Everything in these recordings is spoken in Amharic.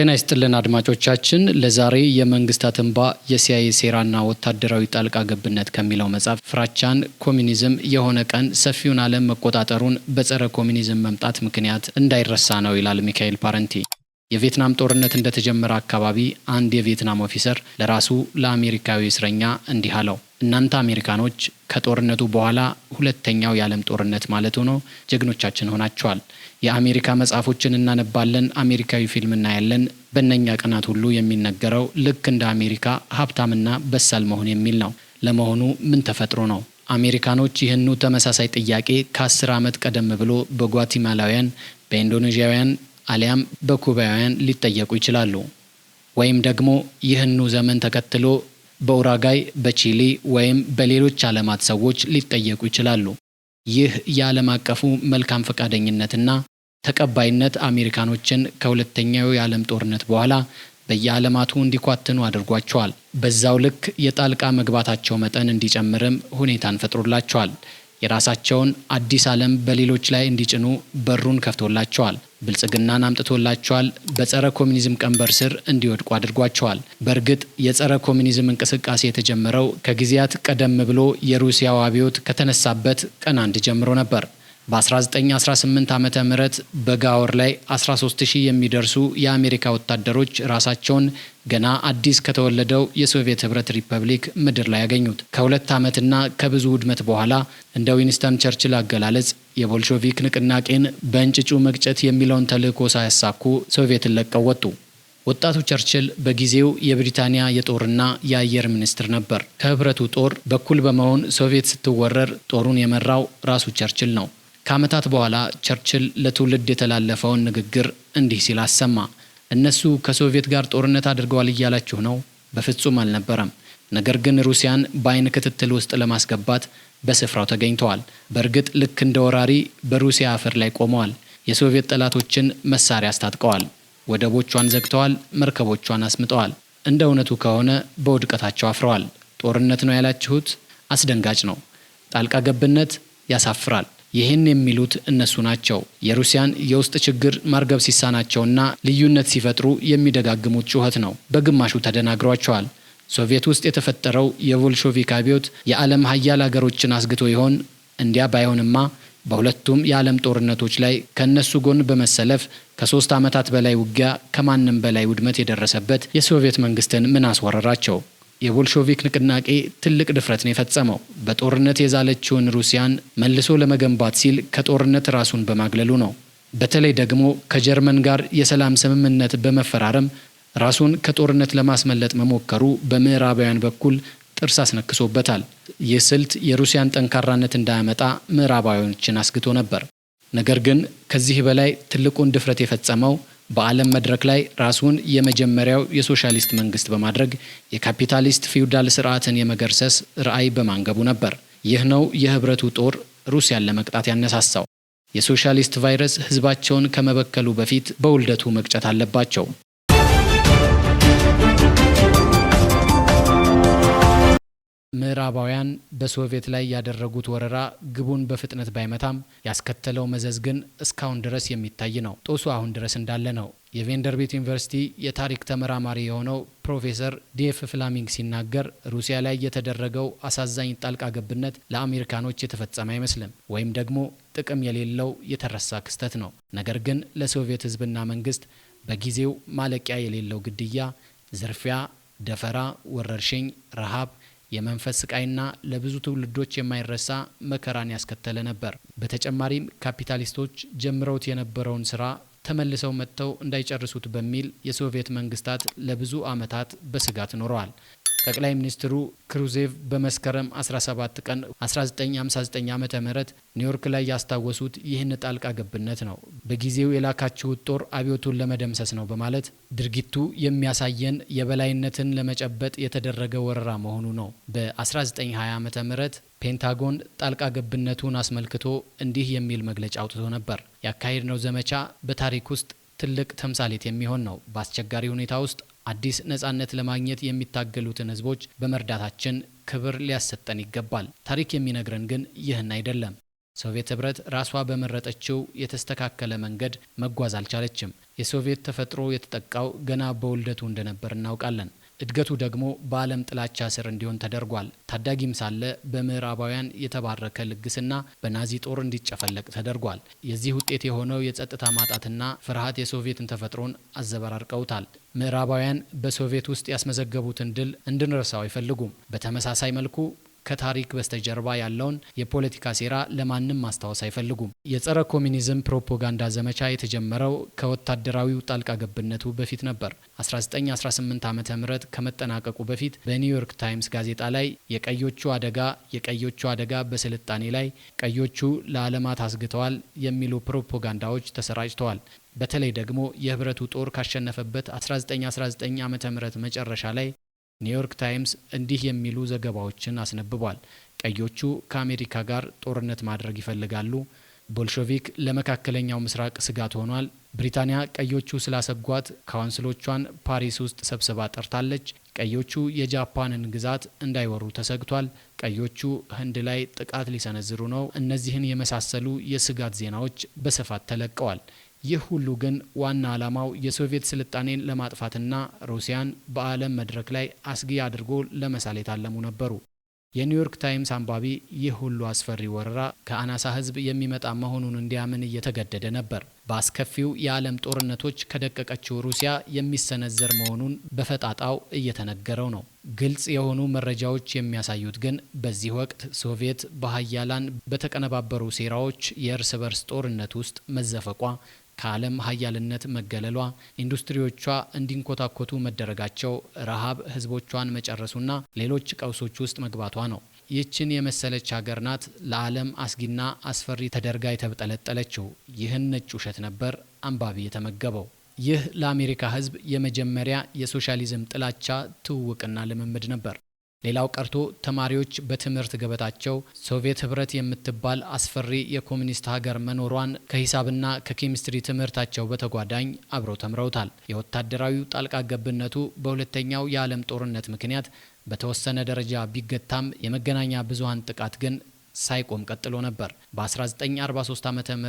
ጤና ይስጥልን አድማጮቻችን፣ ለዛሬ የመንግስታት እንባ የሲአይኤ ሴራና ወታደራዊ ጣልቃ ገብነት ከሚለው መጽሐፍ ፍራቻን ኮሚኒዝም የሆነ ቀን ሰፊውን ዓለም መቆጣጠሩን በጸረ ኮሚኒዝም መምጣት ምክንያት እንዳይረሳ ነው ይላል ሚካኤል ፓረንቲ። የቪየትናም ጦርነት እንደተጀመረ አካባቢ አንድ የቪየትናም ኦፊሰር ለራሱ ለአሜሪካዊ እስረኛ እንዲህ አለው እናንተ አሜሪካኖች ከጦርነቱ በኋላ ሁለተኛው የዓለም ጦርነት ማለት ሆኖ ጀግኖቻችን ሆናችኋል። የአሜሪካ መጽሐፎችን እናነባለን፣ አሜሪካዊ ፊልም እናያለን። በእነኛ ቀናት ሁሉ የሚነገረው ልክ እንደ አሜሪካ ሀብታምና በሳል መሆን የሚል ነው። ለመሆኑ ምን ተፈጥሮ ነው? አሜሪካኖች ይህኑ ተመሳሳይ ጥያቄ ከአስር ዓመት ቀደም ብሎ በጓቲማላውያን በኢንዶኔዥያውያን አሊያም በኩባውያን ሊጠየቁ ይችላሉ። ወይም ደግሞ ይህኑ ዘመን ተከትሎ በኡራጋይ በቺሊ ወይም በሌሎች ዓለማት ሰዎች ሊጠየቁ ይችላሉ። ይህ የዓለም አቀፉ መልካም ፈቃደኝነትና ተቀባይነት አሜሪካኖችን ከሁለተኛው የዓለም ጦርነት በኋላ በየዓለማቱ እንዲኳትኑ አድርጓቸዋል። በዛው ልክ የጣልቃ መግባታቸው መጠን እንዲጨምርም ሁኔታን ፈጥሮላቸዋል። የራሳቸውን አዲስ ዓለም በሌሎች ላይ እንዲጭኑ በሩን ከፍቶላቸዋል። ብልጽግናን አምጥቶላቸዋል። በጸረ ኮሚኒዝም ቀንበር ስር እንዲወድቁ አድርጓቸዋል። በእርግጥ የጸረ ኮሚኒዝም እንቅስቃሴ የተጀመረው ከጊዜያት ቀደም ብሎ የሩሲያው አብዮት ከተነሳበት ቀን አንድ ጀምሮ ነበር። በ1918 ዓ ም በጋወር ላይ 13000 የሚደርሱ የአሜሪካ ወታደሮች ራሳቸውን ገና አዲስ ከተወለደው የሶቪየት ህብረት ሪፐብሊክ ምድር ላይ ያገኙት ከሁለት ዓመትና ከብዙ ውድመት በኋላ እንደ ዊንስተን ቸርችል አገላለጽ የቦልሾቪክ ንቅናቄን በእንጭጩ መግጨት የሚለውን ተልዕኮ ሳያሳኩ ሶቪየትን ለቀው ወጡ። ወጣቱ ቸርችል በጊዜው የብሪታንያ የጦርና የአየር ሚኒስትር ነበር። ከህብረቱ ጦር በኩል በመሆን ሶቪየት ስትወረር ጦሩን የመራው ራሱ ቸርችል ነው። ከዓመታት በኋላ ቸርችል ለትውልድ የተላለፈውን ንግግር እንዲህ ሲል አሰማ። እነሱ ከሶቪየት ጋር ጦርነት አድርገዋል እያላችሁ ነው? በፍጹም አልነበረም። ነገር ግን ሩሲያን በአይን ክትትል ውስጥ ለማስገባት በስፍራው ተገኝተዋል። በእርግጥ ልክ እንደ ወራሪ በሩሲያ አፈር ላይ ቆመዋል። የሶቪየት ጠላቶችን መሳሪያ አስታጥቀዋል። ወደቦቿን ዘግተዋል። መርከቦቿን አስምጠዋል። እንደ እውነቱ ከሆነ በውድቀታቸው አፍረዋል። ጦርነት ነው ያላችሁት አስደንጋጭ ነው። ጣልቃ ገብነት ያሳፍራል። ይህን የሚሉት እነሱ ናቸው። የሩሲያን የውስጥ ችግር ማርገብ ሲሳናቸውና ልዩነት ሲፈጥሩ የሚደጋግሙት ጩኸት ነው። በግማሹ ተደናግሯቸዋል። ሶቪየት ውስጥ የተፈጠረው የቮልሾቪክ አብዮት የዓለም ሀያል አገሮችን አስግቶ ይሆን? እንዲያ ባይሆንማ በሁለቱም የዓለም ጦርነቶች ላይ ከእነሱ ጎን በመሰለፍ ከሶስት ዓመታት በላይ ውጊያ ከማንም በላይ ውድመት የደረሰበት የሶቪየት መንግስትን ምን አስወረራቸው? የቦልሾቪክ ንቅናቄ ትልቅ ድፍረት ነው የፈጸመው። በጦርነት የዛለችውን ሩሲያን መልሶ ለመገንባት ሲል ከጦርነት ራሱን በማግለሉ ነው። በተለይ ደግሞ ከጀርመን ጋር የሰላም ስምምነት በመፈራረም ራሱን ከጦርነት ለማስመለጥ መሞከሩ በምዕራባውያን በኩል ጥርስ አስነክሶበታል። ይህ ስልት የሩሲያን ጠንካራነት እንዳያመጣ ምዕራባውያኖችን አስግቶ ነበር። ነገር ግን ከዚህ በላይ ትልቁን ድፍረት የፈጸመው በዓለም መድረክ ላይ ራሱን የመጀመሪያው የሶሻሊስት መንግስት በማድረግ የካፒታሊስት ፊውዳል ስርዓትን የመገርሰስ ራዕይ በማንገቡ ነበር። ይህ ነው የህብረቱ ጦር ሩሲያን ለመቅጣት ያነሳሳው። የሶሻሊስት ቫይረስ ህዝባቸውን ከመበከሉ በፊት በውልደቱ መቅጨት አለባቸው። ምዕራባውያን በሶቪየት ላይ ያደረጉት ወረራ ግቡን በፍጥነት ባይመታም ያስከተለው መዘዝ ግን እስካሁን ድረስ የሚታይ ነው። ጦሱ አሁን ድረስ እንዳለ ነው። የቬንደርቤት ዩኒቨርሲቲ የታሪክ ተመራማሪ የሆነው ፕሮፌሰር ዴፍ ፍላሚንግ ሲናገር ሩሲያ ላይ የተደረገው አሳዛኝ ጣልቃ ገብነት ለአሜሪካኖች የተፈጸመ አይመስልም ወይም ደግሞ ጥቅም የሌለው የተረሳ ክስተት ነው። ነገር ግን ለሶቪየት ሕዝብና መንግስት በጊዜው ማለቂያ የሌለው ግድያ፣ ዝርፊያ፣ ደፈራ፣ ወረርሽኝ፣ ረሃብ የመንፈስ ስቃይና ለብዙ ትውልዶች የማይረሳ መከራን ያስከተለ ነበር። በተጨማሪም ካፒታሊስቶች ጀምረውት የነበረውን ስራ ተመልሰው መጥተው እንዳይጨርሱት በሚል የሶቪየት መንግስታት ለብዙ ዓመታት በስጋት ኖረዋል። ጠቅላይ ሚኒስትሩ ክሩዜቭ በመስከረም 17 ቀን 1959 ዓ ም ኒውዮርክ ላይ ያስታወሱት ይህን ጣልቃ ገብነት ነው። በጊዜው የላካችሁት ጦር አብዮቱን ለመደምሰስ ነው በማለት ድርጊቱ የሚያሳየን የበላይነትን ለመጨበጥ የተደረገ ወረራ መሆኑ ነው። በ1920 ዓ ም ፔንታጎን ጣልቃ ገብነቱን አስመልክቶ እንዲህ የሚል መግለጫ አውጥቶ ነበር። ያካሄድነው ዘመቻ በታሪክ ውስጥ ትልቅ ተምሳሌት የሚሆን ነው። በአስቸጋሪ ሁኔታ ውስጥ አዲስ ነጻነት ለማግኘት የሚታገሉትን ህዝቦች በመርዳታችን ክብር ሊያሰጠን ይገባል። ታሪክ የሚነግረን ግን ይህን አይደለም። ሶቪየት ህብረት ራሷ በመረጠችው የተስተካከለ መንገድ መጓዝ አልቻለችም። የሶቪየት ተፈጥሮ የተጠቃው ገና በውልደቱ እንደነበር እናውቃለን። እድገቱ ደግሞ በዓለም ጥላቻ ስር እንዲሆን ተደርጓል። ታዳጊም ሳለ በምዕራባውያን የተባረከ ልግስና በናዚ ጦር እንዲጨፈለቅ ተደርጓል። የዚህ ውጤት የሆነው የጸጥታ ማጣትና ፍርሃት የሶቪየትን ተፈጥሮን አዘበራርቀውታል። ምዕራባውያን በሶቪየት ውስጥ ያስመዘገቡትን ድል እንድንረሳው አይፈልጉም። በተመሳሳይ መልኩ ከታሪክ በስተጀርባ ያለውን የፖለቲካ ሴራ ለማንም ማስታወስ አይፈልጉም። የጸረ ኮሚኒዝም ፕሮፓጋንዳ ዘመቻ የተጀመረው ከወታደራዊው ጣልቃ ገብነቱ በፊት ነበር። 1918 ዓ ም ከመጠናቀቁ በፊት በኒውዮርክ ታይምስ ጋዜጣ ላይ የቀዮቹ አደጋ የቀዮቹ አደጋ በስልጣኔ ላይ ቀዮቹ ለዓለማት አስግተዋል የሚሉ ፕሮፓጋንዳዎች ተሰራጭተዋል። በተለይ ደግሞ የህብረቱ ጦር ካሸነፈበት 1919 ዓ ም መጨረሻ ላይ ኒውዮርክ ታይምስ እንዲህ የሚሉ ዘገባዎችን አስነብቧል። ቀዮቹ ከአሜሪካ ጋር ጦርነት ማድረግ ይፈልጋሉ። ቦልሾቪክ ለመካከለኛው ምስራቅ ስጋት ሆኗል። ብሪታንያ ቀዮቹ ስላሰጓት ካውንስሎቿን ፓሪስ ውስጥ ሰብስባ ጠርታለች። ቀዮቹ የጃፓንን ግዛት እንዳይወሩ ተሰግቷል። ቀዮቹ ህንድ ላይ ጥቃት ሊሰነዝሩ ነው። እነዚህን የመሳሰሉ የስጋት ዜናዎች በስፋት ተለቀዋል። ይህ ሁሉ ግን ዋና ዓላማው የሶቪየት ስልጣኔን ለማጥፋትና ሩሲያን በዓለም መድረክ ላይ አስጊ አድርጎ ለመሳል የታለሙ ነበሩ። የኒውዮርክ ታይምስ አንባቢ ይህ ሁሉ አስፈሪ ወረራ ከአናሳ ሕዝብ የሚመጣ መሆኑን እንዲያምን እየተገደደ ነበር። በአስከፊው የዓለም ጦርነቶች ከደቀቀችው ሩሲያ የሚሰነዘር መሆኑን በፈጣጣው እየተነገረው ነው። ግልጽ የሆኑ መረጃዎች የሚያሳዩት ግን በዚህ ወቅት ሶቪየት በሀያላን በተቀነባበሩ ሴራዎች የእርስ በርስ ጦርነት ውስጥ መዘፈቋ ከዓለም ሀያልነት መገለሏ፣ ኢንዱስትሪዎቿ እንዲንኮታኮቱ መደረጋቸው፣ ረሃብ ህዝቦቿን መጨረሱና ሌሎች ቀውሶች ውስጥ መግባቷ ነው። ይህችን የመሰለች ሀገር ናት ለዓለም አስጊና አስፈሪ ተደርጋ የተጠለጠለችው። ይህን ነጭ ውሸት ነበር አንባቢ የተመገበው። ይህ ለአሜሪካ ህዝብ የመጀመሪያ የሶሻሊዝም ጥላቻ ትውውቅና ልምምድ ነበር። ሌላው ቀርቶ ተማሪዎች በትምህርት ገበታቸው ሶቪየት ህብረት የምትባል አስፈሪ የኮሚኒስት ሀገር መኖሯን ከሂሳብና ከኬሚስትሪ ትምህርታቸው በተጓዳኝ አብረው ተምረውታል። የወታደራዊው ጣልቃ ገብነቱ በሁለተኛው የዓለም ጦርነት ምክንያት በተወሰነ ደረጃ ቢገታም የመገናኛ ብዙኃን ጥቃት ግን ሳይቆም ቀጥሎ ነበር። በ1943 ዓ ም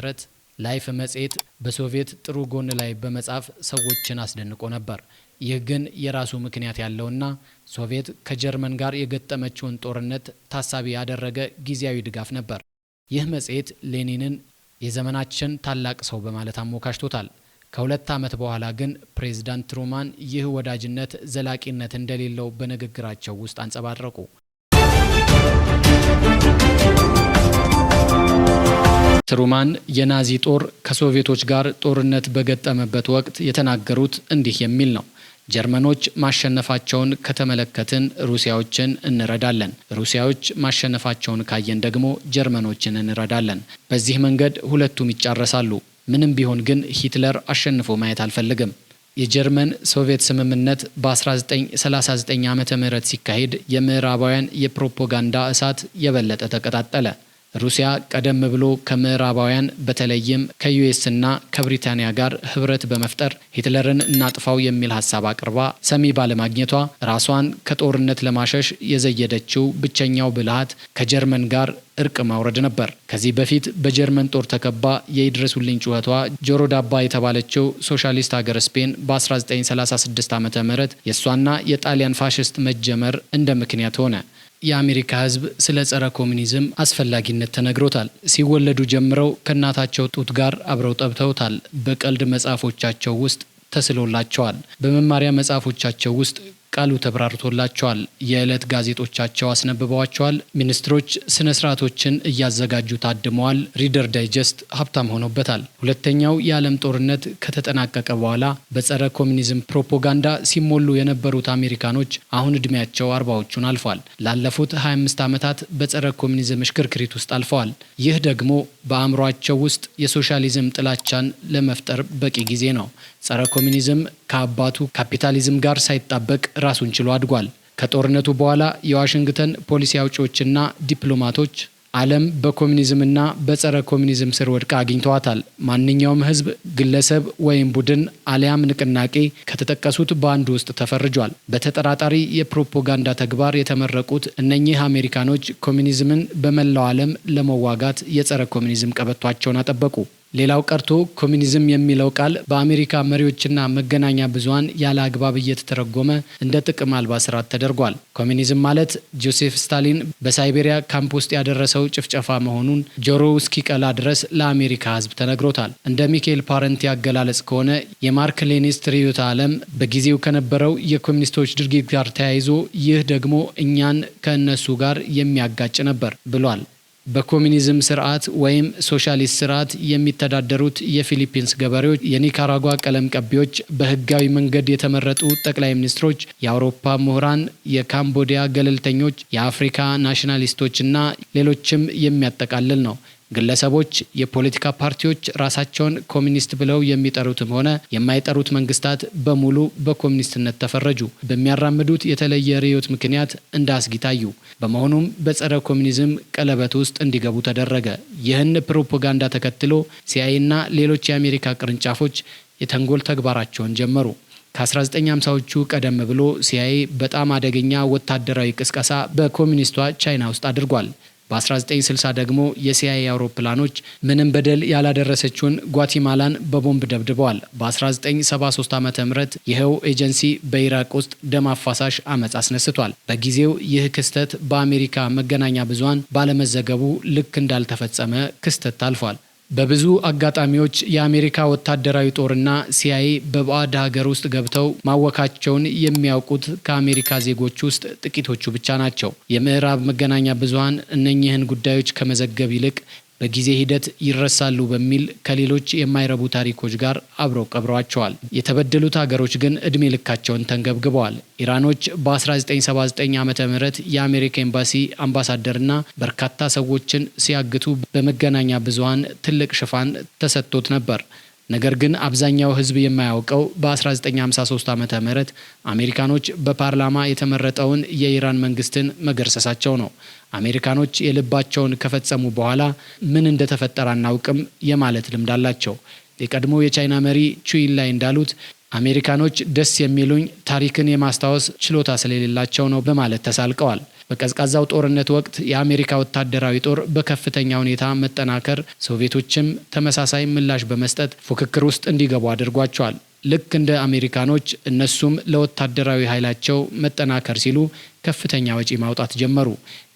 ላይፍ መጽሔት በሶቪየት ጥሩ ጎን ላይ በመጻፍ ሰዎችን አስደንቆ ነበር። ይህ ግን የራሱ ምክንያት ያለውና ሶቪየት ከጀርመን ጋር የገጠመችውን ጦርነት ታሳቢ ያደረገ ጊዜያዊ ድጋፍ ነበር። ይህ መጽሔት ሌኒንን የዘመናችን ታላቅ ሰው በማለት አሞካሽቶታል። ከሁለት ዓመት በኋላ ግን ፕሬዝዳንት ትሩማን ይህ ወዳጅነት ዘላቂነት እንደሌለው በንግግራቸው ውስጥ አንጸባረቁ። ትሩማን የናዚ ጦር ከሶቪየቶች ጋር ጦርነት በገጠመበት ወቅት የተናገሩት እንዲህ የሚል ነው። ጀርመኖች ማሸነፋቸውን ከተመለከትን ሩሲያዎችን እንረዳለን። ሩሲያዎች ማሸነፋቸውን ካየን ደግሞ ጀርመኖችን እንረዳለን። በዚህ መንገድ ሁለቱም ይጫረሳሉ። ምንም ቢሆን ግን ሂትለር አሸንፎ ማየት አልፈልግም። የጀርመን ሶቪየት ስምምነት በ1939 ዓ ም ሲካሄድ የምዕራባውያን የፕሮፓጋንዳ እሳት የበለጠ ተቀጣጠለ። ሩሲያ ቀደም ብሎ ከምዕራባውያን በተለይም ከዩኤስና ከብሪታንያ ጋር ህብረት በመፍጠር ሂትለርን እናጥፋው የሚል ሀሳብ አቅርባ ሰሚ ባለማግኘቷ ራሷን ከጦርነት ለማሸሽ የዘየደችው ብቸኛው ብልሃት ከጀርመን ጋር እርቅ ማውረድ ነበር። ከዚህ በፊት በጀርመን ጦር ተከባ የይድረሱልኝ ጩኸቷ ጆሮ ዳባ የተባለችው ሶሻሊስት ሀገር ስፔን በ1936 ዓ ም የእሷና የጣሊያን ፋሽስት መጀመር እንደ ምክንያት ሆነ። የአሜሪካ ህዝብ ስለ ጸረ ኮሚኒዝም አስፈላጊነት ተነግሮታል። ሲወለዱ ጀምረው ከእናታቸው ጡት ጋር አብረው ጠብተውታል። በቀልድ መጽሐፎቻቸው ውስጥ ተስሎላቸዋል። በመማሪያ መጽሐፎቻቸው ውስጥ ቃሉ ተብራርቶላቸዋል። የዕለት ጋዜጦቻቸው አስነብበዋቸዋል። ሚኒስትሮች ስነ ስርዓቶችን እያዘጋጁ ታድመዋል። ሪደር ዳይጀስት ሀብታም ሆኖበታል። ሁለተኛው የዓለም ጦርነት ከተጠናቀቀ በኋላ በጸረ ኮሚኒዝም ፕሮፓጋንዳ ሲሞሉ የነበሩት አሜሪካኖች አሁን ዕድሜያቸው አርባዎቹን አልፏል። ላለፉት 25 ዓመታት በጸረ ኮሚኒዝም እሽክርክሪት ውስጥ አልፈዋል። ይህ ደግሞ በአእምሯቸው ውስጥ የሶሻሊዝም ጥላቻን ለመፍጠር በቂ ጊዜ ነው። ጸረ ኮሚኒዝም ከአባቱ ካፒታሊዝም ጋር ሳይጣበቅ ራሱን ችሎ አድጓል። ከጦርነቱ በኋላ የዋሽንግተን ፖሊሲ አውጪዎችና ዲፕሎማቶች ዓለም በኮሚኒዝምና በጸረ ኮሚኒዝም ስር ወድቃ አግኝተዋታል። ማንኛውም ሕዝብ፣ ግለሰብ ወይም ቡድን አሊያም ንቅናቄ ከተጠቀሱት በአንዱ ውስጥ ተፈርጇል። በተጠራጣሪ የፕሮፓጋንዳ ተግባር የተመረቁት እነኚህ አሜሪካኖች ኮሚኒዝምን በመላው ዓለም ለመዋጋት የጸረ ኮሚኒዝም ቀበቷቸውን አጠበቁ። ሌላው ቀርቶ ኮሚኒዝም የሚለው ቃል በአሜሪካ መሪዎችና መገናኛ ብዙሀን ያለ አግባብ እየተተረጎመ እንደ ጥቅም አልባ ስርዓት ተደርጓል። ኮሚኒዝም ማለት ጆሴፍ ስታሊን በሳይቤሪያ ካምፕ ውስጥ ያደረሰው ጭፍጨፋ መሆኑን ጆሮ እስኪቀላ ድረስ ለአሜሪካ ሕዝብ ተነግሮታል። እንደ ሚካኤል ፓረንቲ አገላለጽ ከሆነ የማርክ ሌኒስት ርዕዮተ ዓለም በጊዜው ከነበረው የኮሚኒስቶች ድርጊት ጋር ተያይዞ ይህ ደግሞ እኛን ከእነሱ ጋር የሚያጋጭ ነበር ብሏል። በኮሚኒዝም ስርዓት ወይም ሶሻሊስት ስርዓት የሚተዳደሩት የፊሊፒንስ ገበሬዎች፣ የኒካራጓ ቀለም ቀቢዎች፣ በህጋዊ መንገድ የተመረጡ ጠቅላይ ሚኒስትሮች፣ የአውሮፓ ምሁራን፣ የካምቦዲያ ገለልተኞች፣ የአፍሪካ ናሽናሊስቶች እና ሌሎችም የሚያጠቃልል ነው። ግለሰቦች፣ የፖለቲካ ፓርቲዎች ራሳቸውን ኮሚኒስት ብለው የሚጠሩትም ሆነ የማይጠሩት መንግስታት በሙሉ በኮሚኒስትነት ተፈረጁ። በሚያራምዱት የተለየ ርዕዮት ምክንያት እንደ አስጊ ታዩ። በመሆኑም በጸረ ኮሚኒዝም ቀለበት ውስጥ እንዲገቡ ተደረገ። ይህን ፕሮፓጋንዳ ተከትሎ ሲአይኤና ሌሎች የአሜሪካ ቅርንጫፎች የተንጎል ተግባራቸውን ጀመሩ። ከ1950ዎቹ ቀደም ብሎ ሲአይኤ በጣም አደገኛ ወታደራዊ ቅስቀሳ በኮሚኒስቷ ቻይና ውስጥ አድርጓል። በ1960 ደግሞ የሲአይኤ አውሮፕላኖች ምንም በደል ያላደረሰችውን ጓቲማላን በቦምብ ደብድበዋል። በ1973 ዓ ም ይኸው ኤጀንሲ በኢራቅ ውስጥ ደም አፋሳሽ አመፅ አስነስቷል። በጊዜው ይህ ክስተት በአሜሪካ መገናኛ ብዙሃን ባለመዘገቡ ልክ እንዳልተፈጸመ ክስተት ታልፏል። በብዙ አጋጣሚዎች የአሜሪካ ወታደራዊ ጦርና ሲአይኤ በባዕድ ሀገር ውስጥ ገብተው ማወካቸውን የሚያውቁት ከአሜሪካ ዜጎች ውስጥ ጥቂቶቹ ብቻ ናቸው። የምዕራብ መገናኛ ብዙሃን እነኚህን ጉዳዮች ከመዘገብ ይልቅ በጊዜ ሂደት ይረሳሉ በሚል ከሌሎች የማይረቡ ታሪኮች ጋር አብረው ቀብረዋቸዋል። የተበደሉት ሀገሮች ግን እድሜ ልካቸውን ተንገብግበዋል። ኢራኖች በ1979 ዓ ም የአሜሪካ ኤምባሲ አምባሳደርና በርካታ ሰዎችን ሲያግቱ በመገናኛ ብዙኃን ትልቅ ሽፋን ተሰጥቶት ነበር። ነገር ግን አብዛኛው ህዝብ የማያውቀው በ1953 ዓ ም አሜሪካኖች በፓርላማ የተመረጠውን የኢራን መንግስትን መገርሰሳቸው ነው። አሜሪካኖች የልባቸውን ከፈጸሙ በኋላ ምን እንደተፈጠረ አናውቅም የማለት ልምድ አላቸው። የቀድሞ የቻይና መሪ ቹይን ላይ እንዳሉት አሜሪካኖች ደስ የሚሉኝ ታሪክን የማስታወስ ችሎታ ስለሌላቸው ነው በማለት ተሳልቀዋል። በቀዝቃዛው ጦርነት ወቅት የአሜሪካ ወታደራዊ ጦር በከፍተኛ ሁኔታ መጠናከር፣ ሶቪየቶችም ተመሳሳይ ምላሽ በመስጠት ፉክክር ውስጥ እንዲገቡ አድርጓቸዋል። ልክ እንደ አሜሪካኖች እነሱም ለወታደራዊ ኃይላቸው መጠናከር ሲሉ ከፍተኛ ወጪ ማውጣት ጀመሩ።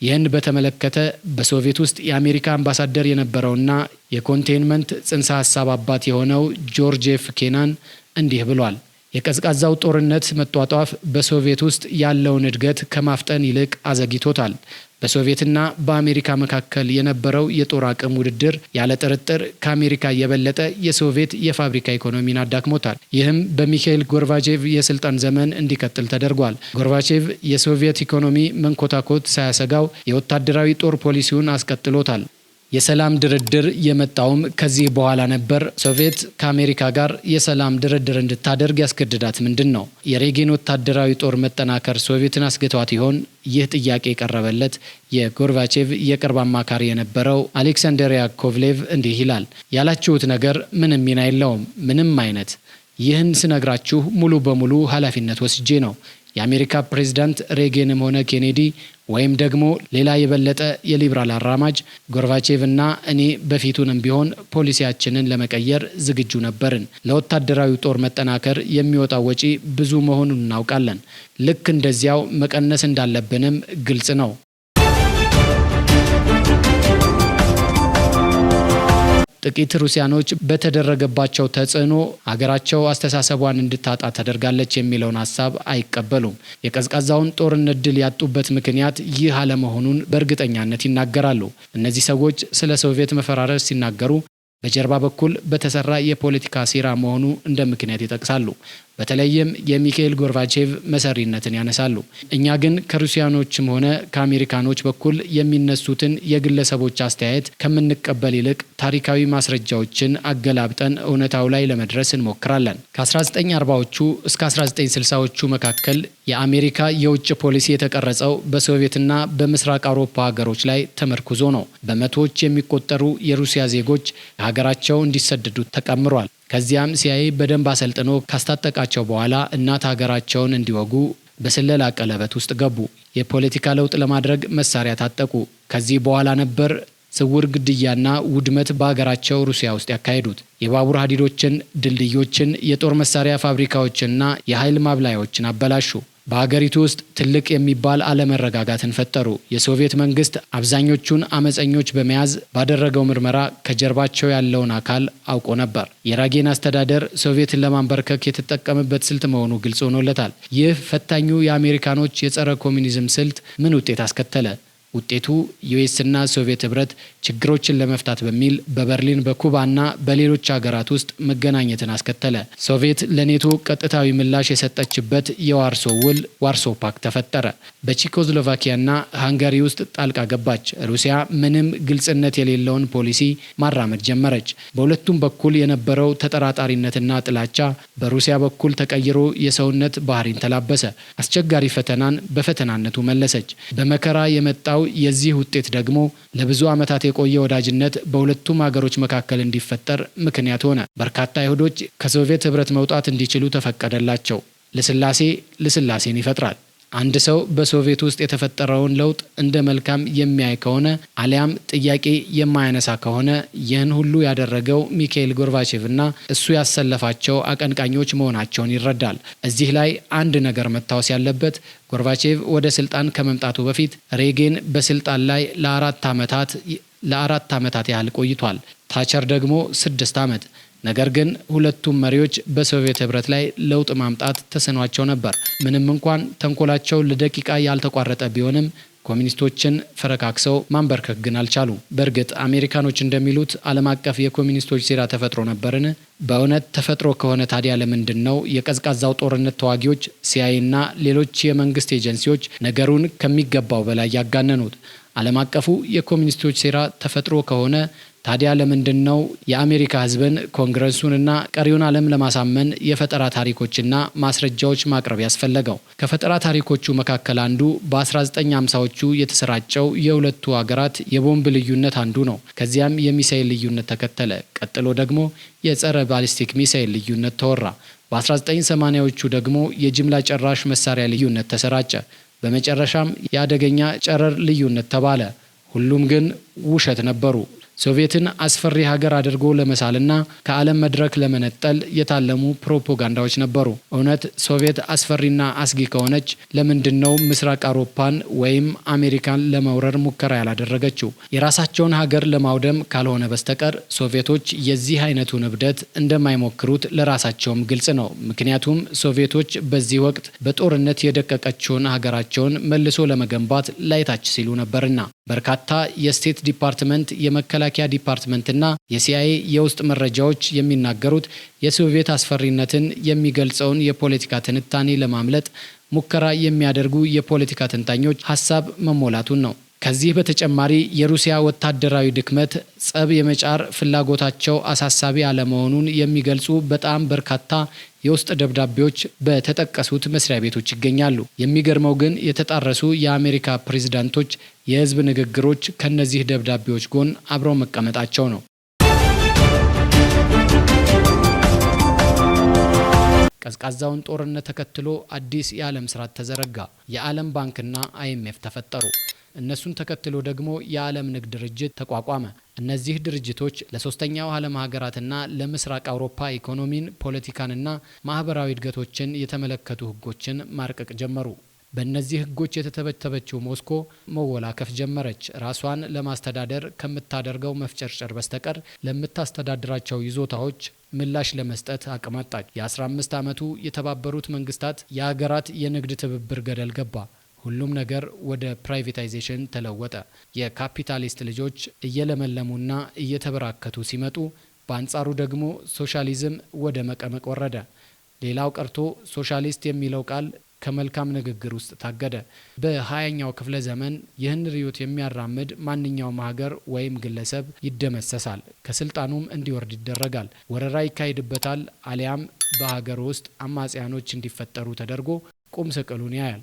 ይህን በተመለከተ በሶቪየት ውስጥ የአሜሪካ አምባሳደር የነበረውና የኮንቴንመንት ጽንሰ ሀሳብ አባት የሆነው ጆርጄፍ ኬናን እንዲህ ብሏል። የቀዝቃዛው ጦርነት መጧጧፍ በሶቪየት ውስጥ ያለውን እድገት ከማፍጠን ይልቅ አዘግይቶታል። በሶቪየትና በአሜሪካ መካከል የነበረው የጦር አቅም ውድድር ያለ ጥርጥር ከአሜሪካ የበለጠ የሶቪየት የፋብሪካ ኢኮኖሚን አዳክሞታል። ይህም በሚካኤል ጎርቫቼቭ የስልጣን ዘመን እንዲቀጥል ተደርጓል። ጎርቫቼቭ የሶቪየት ኢኮኖሚ መንኮታኮት ሳያሰጋው የወታደራዊ ጦር ፖሊሲውን አስቀጥሎታል። የሰላም ድርድር የመጣውም ከዚህ በኋላ ነበር። ሶቪየት ከአሜሪካ ጋር የሰላም ድርድር እንድታደርግ ያስገድዳት ምንድን ነው? የሬጌን ወታደራዊ ጦር መጠናከር ሶቪየትን አስገቷት ይሆን? ይህ ጥያቄ የቀረበለት የጎርባቼቭ የቅርብ አማካሪ የነበረው አሌክሳንደር ያኮቭሌቭ እንዲህ ይላል። ያላችሁት ነገር ምንም ሚና የለውም፣ ምንም አይነት። ይህን ስነግራችሁ ሙሉ በሙሉ ኃላፊነት ወስጄ ነው የአሜሪካ ፕሬዚዳንት ሬጌንም ሆነ ኬኔዲ ወይም ደግሞ ሌላ የበለጠ የሊብራል አራማጅ ጎርባቼቭ እና እኔ በፊቱንም ቢሆን ፖሊሲያችንን ለመቀየር ዝግጁ ነበርን። ለወታደራዊ ጦር መጠናከር የሚወጣው ወጪ ብዙ መሆኑን እናውቃለን። ልክ እንደዚያው መቀነስ እንዳለብንም ግልጽ ነው። ጥቂት ሩሲያኖች በተደረገባቸው ተጽዕኖ አገራቸው አስተሳሰቧን እንድታጣ ተደርጋለች የሚለውን ሀሳብ አይቀበሉም። የቀዝቃዛውን ጦርነት ድል ያጡበት ምክንያት ይህ አለመሆኑን በእርግጠኛነት ይናገራሉ። እነዚህ ሰዎች ስለ ሶቪየት መፈራረስ ሲናገሩ በጀርባ በኩል በተሰራ የፖለቲካ ሴራ መሆኑ እንደ ምክንያት ይጠቅሳሉ። በተለይም የሚካኤል ጎርባቼቭ መሰሪነትን ያነሳሉ። እኛ ግን ከሩሲያኖችም ሆነ ከአሜሪካኖች በኩል የሚነሱትን የግለሰቦች አስተያየት ከምንቀበል ይልቅ ታሪካዊ ማስረጃዎችን አገላብጠን እውነታው ላይ ለመድረስ እንሞክራለን። ከ1940ዎቹ እስከ 1960ዎቹ መካከል የአሜሪካ የውጭ ፖሊሲ የተቀረጸው በሶቪየትና በምስራቅ አውሮፓ ሀገሮች ላይ ተመርኩዞ ነው። በመቶዎች የሚቆጠሩ የሩሲያ ዜጎች ከሀገራቸው እንዲሰደዱ ተቀምሯል። ከዚያም ሲያይ በደንብ አሰልጥኖ ካስታጠቃቸው በኋላ እናት ሀገራቸውን እንዲወጉ በስለላ ቀለበት ውስጥ ገቡ። የፖለቲካ ለውጥ ለማድረግ መሳሪያ ታጠቁ። ከዚህ በኋላ ነበር ስውር ግድያና ውድመት በሀገራቸው ሩሲያ ውስጥ ያካሄዱት። የባቡር ሀዲዶችን፣ ድልድዮችን፣ የጦር መሳሪያ ፋብሪካዎችንና የኃይል ማብላያዎችን አበላሹ። በአገሪቱ ውስጥ ትልቅ የሚባል አለመረጋጋትን ፈጠሩ። የሶቪየት መንግስት አብዛኞቹን አመፀኞች በመያዝ ባደረገው ምርመራ ከጀርባቸው ያለውን አካል አውቆ ነበር። የራጌን አስተዳደር ሶቪየትን ለማንበርከክ የተጠቀመበት ስልት መሆኑ ግልጽ ሆኖለታል። ይህ ፈታኙ የአሜሪካኖች የጸረ ኮሚኒዝም ስልት ምን ውጤት አስከተለ? ውጤቱ ዩኤስና ሶቪየት ህብረት ችግሮችን ለመፍታት በሚል በበርሊን በኩባና በሌሎች ሀገራት ውስጥ መገናኘትን አስከተለ። ሶቪየት ለኔቶ ቀጥታዊ ምላሽ የሰጠችበት የዋርሶ ውል ዋርሶ ፓክ ተፈጠረ። በቼኮስሎቫኪያና ሃንጋሪ ውስጥ ጣልቃ ገባች። ሩሲያ ምንም ግልጽነት የሌለውን ፖሊሲ ማራመድ ጀመረች። በሁለቱም በኩል የነበረው ተጠራጣሪነትና ጥላቻ በሩሲያ በኩል ተቀይሮ የሰውነት ባህሪን ተላበሰ። አስቸጋሪ ፈተናን በፈተናነቱ መለሰች። በመከራ የመጣው ሌላው የዚህ ውጤት ደግሞ ለብዙ ዓመታት የቆየ ወዳጅነት በሁለቱም ሀገሮች መካከል እንዲፈጠር ምክንያት ሆነ። በርካታ አይሁዶች ከሶቪየት ህብረት መውጣት እንዲችሉ ተፈቀደላቸው። ልስላሴ ልስላሴን ይፈጥራል። አንድ ሰው በሶቪየት ውስጥ የተፈጠረውን ለውጥ እንደ መልካም የሚያይ ከሆነ አሊያም ጥያቄ የማያነሳ ከሆነ ይህን ሁሉ ያደረገው ሚካኤል ጎርባቼቭና እሱ ያሰለፋቸው አቀንቃኞች መሆናቸውን ይረዳል። እዚህ ላይ አንድ ነገር መታወስ ያለበት ጎርባቼቭ ወደ ስልጣን ከመምጣቱ በፊት ሬጌን በስልጣን ላይ ለአራት ዓመታት ለአራት ዓመታት ያህል ቆይቷል። ታቸር ደግሞ ስድስት ዓመት ነገር ግን ሁለቱም መሪዎች በሶቪየት ህብረት ላይ ለውጥ ማምጣት ተስኗቸው ነበር። ምንም እንኳን ተንኮላቸው ለደቂቃ ያልተቋረጠ ቢሆንም ኮሚኒስቶችን ፈረካክሰው ማንበርከክ ግን አልቻሉ። በእርግጥ አሜሪካኖች እንደሚሉት ዓለም አቀፍ የኮሚኒስቶች ሴራ ተፈጥሮ ነበርን? በእውነት ተፈጥሮ ከሆነ ታዲያ ለምንድን ነው የቀዝቃዛው ጦርነት ተዋጊዎች ሲአይኤና ሌሎች የመንግስት ኤጀንሲዎች ነገሩን ከሚገባው በላይ ያጋነኑት? ዓለም አቀፉ የኮሚኒስቶች ሴራ ተፈጥሮ ከሆነ ታዲያ ለምንድን ነው የአሜሪካ ኮንግረሱን ኮንግረሱንና ቀሪውን ዓለም ለማሳመን የፈጠራ ታሪኮችና ማስረጃዎች ማቅረብ ያስፈለገው? ከፈጠራ ታሪኮቹ መካከል አንዱ በ1950ዎቹ የተሰራጨው የሁለቱ አገራት የቦምብ ልዩነት አንዱ ነው። ከዚያም የሚሳይል ልዩነት ተከተለ። ቀጥሎ ደግሞ የጸረ ባሊስቲክ ሚሳይል ልዩነት ተወራ። በ1980ዎቹ ደግሞ የጅምላ ጨራሽ መሳሪያ ልዩነት ተሰራጨ። በመጨረሻም የአደገኛ ጨረር ልዩነት ተባለ። ሁሉም ግን ውሸት ነበሩ። ሶቪየትን አስፈሪ ሀገር አድርጎ ለመሳልና ከዓለም መድረክ ለመነጠል የታለሙ ፕሮፓጋንዳዎች ነበሩ። እውነት ሶቪየት አስፈሪና አስጊ ከሆነች ለምንድን ነው ምስራቅ አውሮፓን ወይም አሜሪካን ለመውረር ሙከራ ያላደረገችው? የራሳቸውን ሀገር ለማውደም ካልሆነ በስተቀር ሶቪየቶች የዚህ አይነቱን እብደት እንደማይሞክሩት ለራሳቸውም ግልጽ ነው። ምክንያቱም ሶቪየቶች በዚህ ወቅት በጦርነት የደቀቀችውን ሀገራቸውን መልሶ ለመገንባት ላይታች ሲሉ ነበርና በርካታ የስቴት ዲፓርትመንት የመከላ መከላከያ ዲፓርትመንትና የሲአይኤ የውስጥ መረጃዎች የሚናገሩት የሶቪየት አስፈሪነትን የሚገልጸውን የፖለቲካ ትንታኔ ለማምለጥ ሙከራ የሚያደርጉ የፖለቲካ ተንታኞች ሀሳብ መሞላቱን ነው። ከዚህ በተጨማሪ የሩሲያ ወታደራዊ ድክመት ጸብ የመጫር ፍላጎታቸው አሳሳቢ አለመሆኑን የሚገልጹ በጣም በርካታ የውስጥ ደብዳቤዎች በተጠቀሱት መስሪያ ቤቶች ይገኛሉ። የሚገርመው ግን የተጣረሱ የአሜሪካ ፕሬዝዳንቶች የህዝብ ንግግሮች ከነዚህ ደብዳቤዎች ጎን አብረው መቀመጣቸው ነው። ቀዝቃዛውን ጦርነት ተከትሎ አዲስ የዓለም ስርዓት ተዘረጋ። የዓለም ባንክና አይኤምኤፍ ተፈጠሩ። እነሱን ተከትሎ ደግሞ የዓለም ንግድ ድርጅት ተቋቋመ። እነዚህ ድርጅቶች ለሶስተኛው ዓለም ሀገራትና ለምስራቅ አውሮፓ ኢኮኖሚን፣ ፖለቲካንና ማህበራዊ እድገቶችን የተመለከቱ ህጎችን ማርቀቅ ጀመሩ። በእነዚህ ህጎች የተተበተበችው ሞስኮ መወላከፍ ጀመረች። ራሷን ለማስተዳደር ከምታደርገው መፍጨርጨር በስተቀር ለምታስተዳድራቸው ይዞታዎች ምላሽ ለመስጠት አቅም አጣች። የ15 ዓመቱ የተባበሩት መንግስታት የሀገራት የንግድ ትብብር ገደል ገባ። ሁሉም ነገር ወደ ፕራይቬታይዜሽን ተለወጠ። የካፒታሊስት ልጆች እየለመለሙና እየተበራከቱ ሲመጡ፣ በአንጻሩ ደግሞ ሶሻሊዝም ወደ መቀመቅ ወረደ። ሌላው ቀርቶ ሶሻሊስት የሚለው ቃል ከመልካም ንግግር ውስጥ ታገደ። በሀያኛው ክፍለ ዘመን ይህን ርዕዮት የሚያራምድ ማንኛውም ሀገር ወይም ግለሰብ ይደመሰሳል፣ ከስልጣኑም እንዲወርድ ይደረጋል። ወረራ ይካሄድበታል፣ አሊያም በሀገር ውስጥ አማጽያኖች እንዲፈጠሩ ተደርጎ ቁም ስቅሉን ያያል።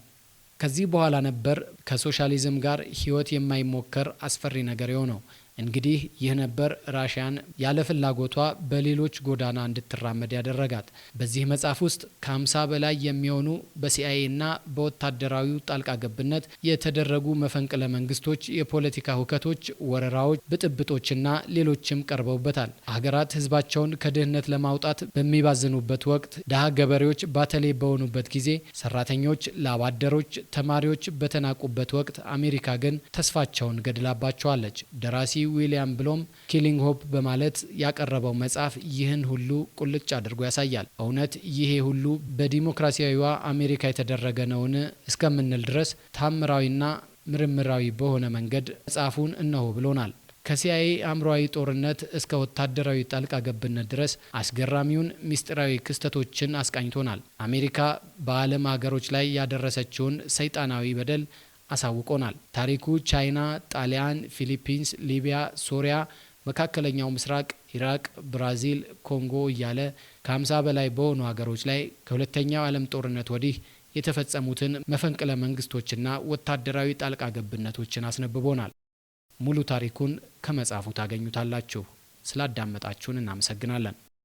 ከዚህ በኋላ ነበር ከሶሻሊዝም ጋር ህይወት የማይሞከር አስፈሪ ነገር የሆነው። እንግዲህ ይህ ነበር ራሽያን ያለ ፍላጎቷ በሌሎች ጎዳና እንድትራመድ ያደረጋት። በዚህ መጽሐፍ ውስጥ ከ50 በላይ የሚሆኑ በሲአይኤና በወታደራዊ ጣልቃ ገብነት የተደረጉ መፈንቅለ መንግስቶች፣ የፖለቲካ ሁከቶች፣ ወረራዎች፣ ብጥብጦችና ሌሎችም ቀርበውበታል። ሀገራት ህዝባቸውን ከድህነት ለማውጣት በሚባዝኑበት ወቅት ድሀ ገበሬዎች ባተሌ በሆኑበት ጊዜ፣ ሰራተኞች፣ ላብ አደሮች፣ ተማሪዎች በተናቁበት ወቅት አሜሪካ ግን ተስፋቸውን ገድላባቸዋለች። ደራሲ ዊሊያም ብሎም ኪሊንግ ሆፕ በማለት ያቀረበው መጽሐፍ ይህን ሁሉ ቁልጭ አድርጎ ያሳያል። እውነት ይሄ ሁሉ በዲሞክራሲያዊዋ አሜሪካ የተደረገ ነውን እስከምንል ድረስ ታምራዊና ምርምራዊ በሆነ መንገድ መጽሐፉን እነሆ ብሎናል። ከሲአይኤ አእምሯዊ ጦርነት እስከ ወታደራዊ ጣልቃ ገብነት ድረስ አስገራሚውን ምስጢራዊ ክስተቶችን አስቃኝቶናል። አሜሪካ በዓለም ሀገሮች ላይ ያደረሰችውን ሰይጣናዊ በደል አሳውቆናል። ታሪኩ ቻይና፣ ጣሊያን፣ ፊሊፒንስ፣ ሊቢያ፣ ሶሪያ፣ መካከለኛው ምስራቅ፣ ኢራቅ፣ ብራዚል፣ ኮንጎ እያለ ከ50 በላይ በሆኑ ሀገሮች ላይ ከሁለተኛው ዓለም ጦርነት ወዲህ የተፈጸሙትን መፈንቅለ መንግስቶችና ወታደራዊ ጣልቃ ገብነቶችን አስነብቦናል። ሙሉ ታሪኩን ከመጽሐፉ ታገኙታላችሁ። ስላዳመጣችሁን እናመሰግናለን።